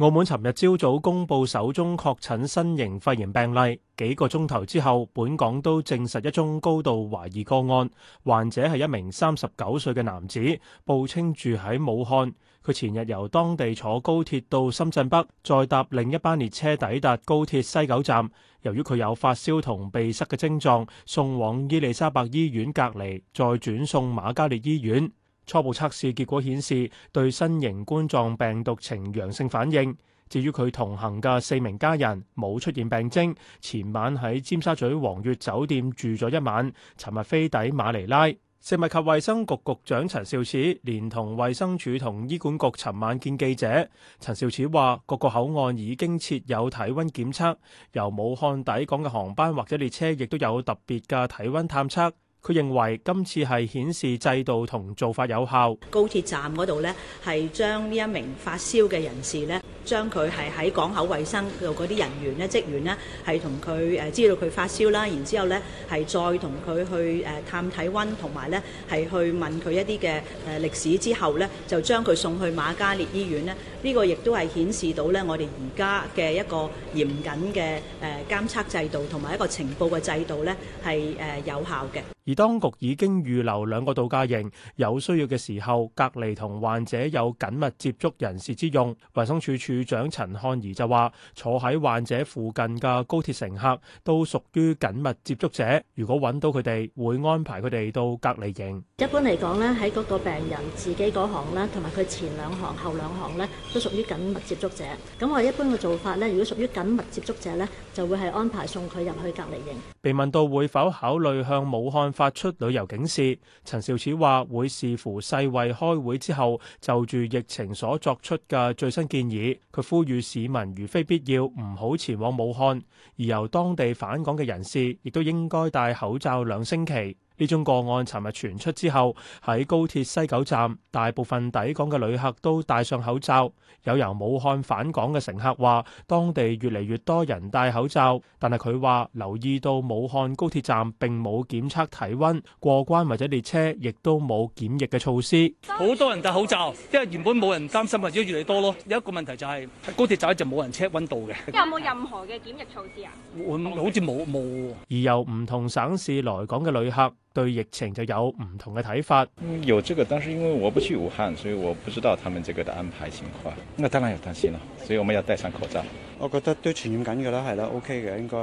澳門尋日朝早公佈首宗確診新型肺炎病例，幾個鐘頭之後，本港都證實一宗高度懷疑個案，患者係一名三十九歲嘅男子，報稱住喺武漢，佢前日由當地坐高鐵到深圳北，再搭另一班列車抵達高鐵西九站，由於佢有發燒同鼻塞嘅症狀，送往伊利沙伯醫院隔離，再轉送瑪嘉烈醫院。初步測試結果顯示對新型冠狀病毒呈陽性反應。至於佢同行嘅四名家人，冇出現病徵。前晚喺尖沙咀皇悅酒店住咗一晚，尋日飛抵馬尼拉。食物及衛生局局長陳肇始連同衛生署同醫管局尋晚見記者。陳肇始話：各個口岸已經設有體温檢測，由武漢抵港嘅航班或者列車亦都有特別嘅體温探測。佢認為今次係顯示制度同做法有效。高鐵站嗰度呢，係將呢一名發燒嘅人士呢，將佢係喺港口衞生度嗰啲人員咧、職員咧，係同佢誒知道佢發燒啦，然之後呢係再同佢去誒探體温，同埋呢係去問佢一啲嘅誒歷史之後呢，就將佢送去瑪嘉烈醫院咧。呢、這個亦都係顯示到呢，我哋而家嘅一個嚴謹嘅誒監測制度同埋一個情報嘅制度呢係誒有效嘅。而當局已經預留兩個度假營，有需要嘅時候隔離同患者有緊密接觸人士之用。衞生署署署長陳漢儀就話，坐喺患者附近嘅高鐵乘客都屬於緊密接觸者。如果揾到佢哋，會安排佢哋到隔離營。一般嚟講咧，喺嗰個病人自己嗰行咧，同埋佢前兩行、後兩行咧，都屬於緊密接觸者。咁我一般嘅做法咧，如果屬於緊密接觸者咧，就會係安排送佢入去隔離營。被問到會否考慮向武漢發出旅遊警示，陳肇始話會視乎世衛開會之後就住疫情所作出嘅最新建議。佢呼籲市民如非必要唔好前往武漢，而由當地返港嘅人士亦都應該戴口罩兩星期。呢宗個案尋日傳出之後，喺高鐵西九站，大部分抵港嘅旅客都戴上口罩。有由武漢返港嘅乘客話，當地越嚟越多人戴口罩，但係佢話留意到武漢高鐵站並冇檢測體溫、過關或者列車亦都冇檢疫嘅措施。好多人戴口罩，因為原本冇人擔心，或者越嚟越多咯。有一個問題就係高鐵站就冇人 check 溫度嘅。有冇任何嘅檢疫措施啊？好似冇冇。而由唔同省市來港嘅旅客，對疫情就有唔同嘅睇法。嗯，有這個，但是因為我不去武漢，所以我不知道他們這個的安排情況。那當然要擔心啦，所以我們要戴上口罩。我覺得都傳染緊噶啦，係啦，OK 嘅，應該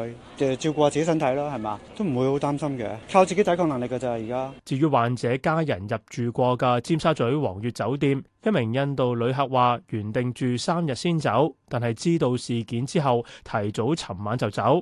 誒照顧下自己身體咯，係嘛，都唔會好擔心嘅，靠自己抵抗能力噶咋。而家至於患者家人入住過嘅尖沙咀皇悅酒店，一名印度旅客話原定住三日先走，但係知道事件之後，提早尋晚就走。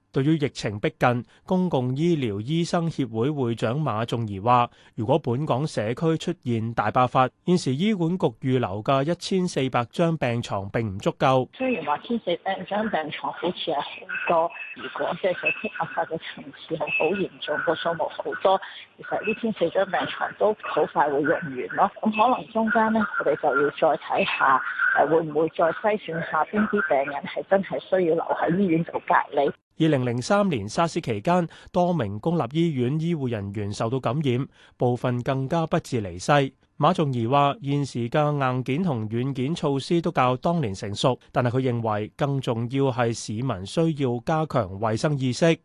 對於疫情逼近，公共醫療醫生協會會長馬仲儀話，如果本港社區出現大爆發，現時醫管局預留嘅一千四百張病床並唔足夠。雖然話千四張病床好似係好多，如果即係社區爆發嘅層次係好嚴重，個數目好多，其實呢千四張病床都好快會用完咯。咁可能中間呢，我哋就要再睇下，誒會唔會再篩選下邊啲病人係真係需要留喺醫院做隔離。二零零三年沙士期間，多名公立醫院醫護人員受到感染，部分更加不治離世。馬仲儀話，現時嘅硬件同軟件措施都較當年成熟，但係佢認為更重要係市民需要加強衛生意識。